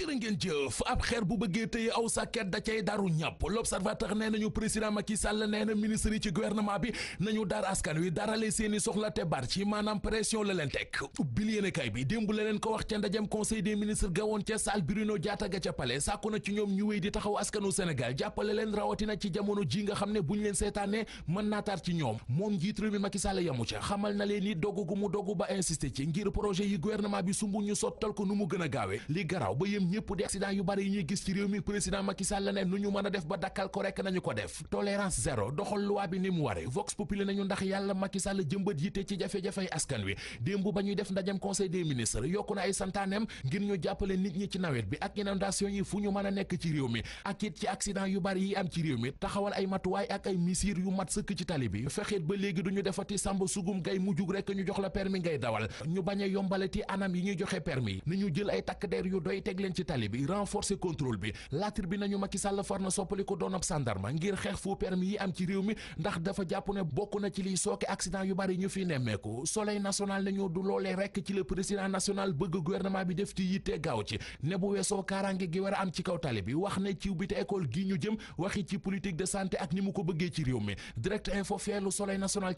jërë ngeen jëf ab xeer bu bëggee tëye aw sàkket da cay daru ñàpp l'observateur nee nañu président Macky Sall nee na ministre yi ci gouvernement bi nañu dar askan wi darale seeni soxla te bar ci maanaam pression la leen teg bil yéene kay bi démb la leen ko wax ca ndajem conseil des ministres gawoon ca salle Bruno Diatta ga ca palais sàkku na ci ñoom ñu wéy di taxaw askanu Sénégal jàppale leen rawatina ci jamono ji nga xam ne bu ñu leen seetaanee mën naa tar ci ñoom moom njiit réew mi Macky Sall yamu ca xamal na leen ni dogu gu mu ba insisté ci ngir projet yi gouvernement bi sumbu ñu sottal ko nu mu gën a gaawe li garaaw ñépp di accident yu bari yi ñuy gis ci réew mi président Macky Sall ne nu ñu mën def ba dakkal ko rekk nañu ko def tolérance zéro doxal loi bi ni mu ware vox populi nañu ndax yàlla Macky Sall jëmbat yitte ci jafe-jafey askan wi démb ba ñuy def ndajam conseil des ministres yokku na ay santaaneem ngir ñu jàppale nit ñi ci nawet bi ak inondation yi fu ñu mën a nekk ci réew mi ak it ci accident yu bari yi am ci réew mi taxawal ay matuwaay ak ay misir yu mat sëkk ci tali bi ba léegi duñu defati sàmba sugum gay mujjug rekk ñu jox la permis ngay dawal ñu bañ a yombalati yi ñuy joxe permis ni ñu jël ay takk der yu doy teg ci tali bi renforcer contrôle bi laatir bi nañu Macky Sall far na soppali ko doon ab sandarma ngir xeex fu permis yi am ci réew mi ndax dafa jàpp ne bokk na ci liy sooke accident yu bari ñu fi nemmeeku soleil national nañu du loolee rek ci le président national bëgg gouvernement bi def ci yitte gaaw ci ne bu weesoo kaaraange gi war a am ci kaw tali bi wax ne ciw bi ci politique de santé ak ni mu ko bëggee ci réew mi direct info feelu soleil national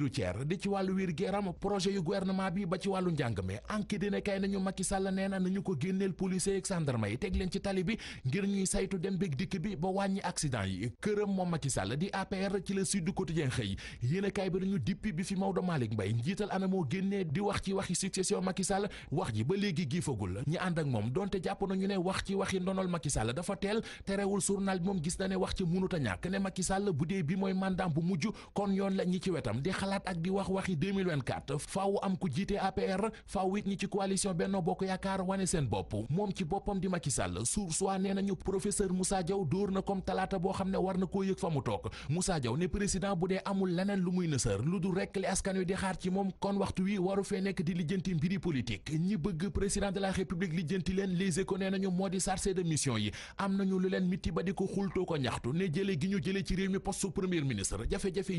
routière di ci wàllu wér gi yaram projet yu gouvernement bi ba ci wàllu njàng mi enquête dina kay nañu Macky Sall nee na nañu ko génneel policier ak gendarme yi teg leen ci tali bi ngir ñuy saytu dem beeg dikk bi ba wàññi accident yi këram moom Macky di APR ci la Sud Quotidien xëy yéen bi nañu dippi bi fi Maodo Malick njiital ana moo génnee di wax ci waxi succession Macky wax ji ba léegi giifagul ñi ànd ak moom donte jàpp nañu ne wax ci waxi ndonol Macky a xalaat ak di wax waxi 2024 faaw am ku jiite APR faaw it ñi ci coalition Benno Bokk Yaakaar wane seen bopp moom ci boppam di Macky Sall suur soit nee nañu na comme talaata boo xam ne war na koo yëg fa mu toog Moussa Diaw président bu dee amul leneen lu muy nësër lu dul rekk li askan wi di xaar ci moom kon waxtu wi waru fee nekk di lijjanti mbiri politique ñi bëgg président de la république lijjanti leen Les Échos nee nañu moo di chargé de mission yi am nañu lu leen mitti ba di ko xultoo ko ñaxtu ne jële gi ñu jële ci réew mi poste premier ministre jafe-jafe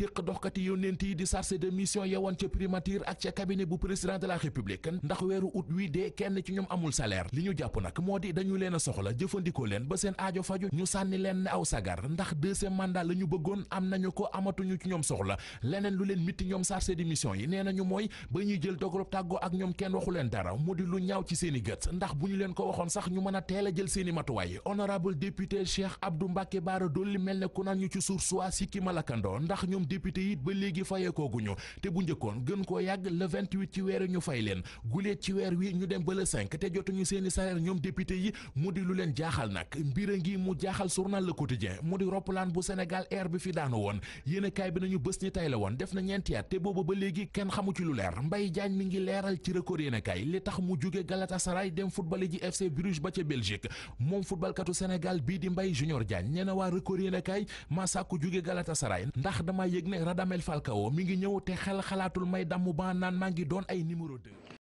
téq doxkati yónnent yi di chargé de mission yewoon ca primature ak ca cabinet bu président de la république ndax weeru août wi dee kenn ci ñoom amul salaire li ñu jàpp nag moo di dañu leen a soxla jëfandikoo leen ba seen aajo faju ñu sànni leen ne aw sagar ndax deuxième mandat la bëggoon am nañu ko amatuñu ci ñoom soxla leneen lu leen mitti ñoom chargé de mission yi nee nañu mooy ba ñuy jël dogalub tàggoo ak ñoom kenn waxu leen dara mu di lu ñaaw ci seen i gët ndax bu ñu leen ko waxoon sax a teel a jël seen i matuwaay honorable député Cheikh Abdou Mbacké Bara Dolly mel ne ku naan ñu député yi ba léegi fayekooguñu te bu njëkkoon gën koo yàgg le 28 ci weer ñu fay leen guleet ci weer wi ñu dem ba le 5 te jotuñu seeni salaire ñoom député yi mu di lu leen jaaxal nag mbir a ngi mu jaaxal journal Le Quotidien mu di roppalaan bu Sénégal air bi fi daanu woon yéenekaay bi na nañu bés ni tay la woon def na ñeenti at te boobu ba léegi kenn xamu ci lu leer Mbaye Diagne mi ngi leeral ci record yéenekaay li tax mu jóge Galatasaray dem football ji FC Bruges ba ca Belgique moom footballkatu Sénégal bii di Mbaye Junior Diagne ñeena waa record yéenekaay maa sàkku jóge Galatasaray ndax dama yëg ne Radamel mi ngi ñëw te xel xalaatul may damu ban naan maa ngi doon ay numéro 2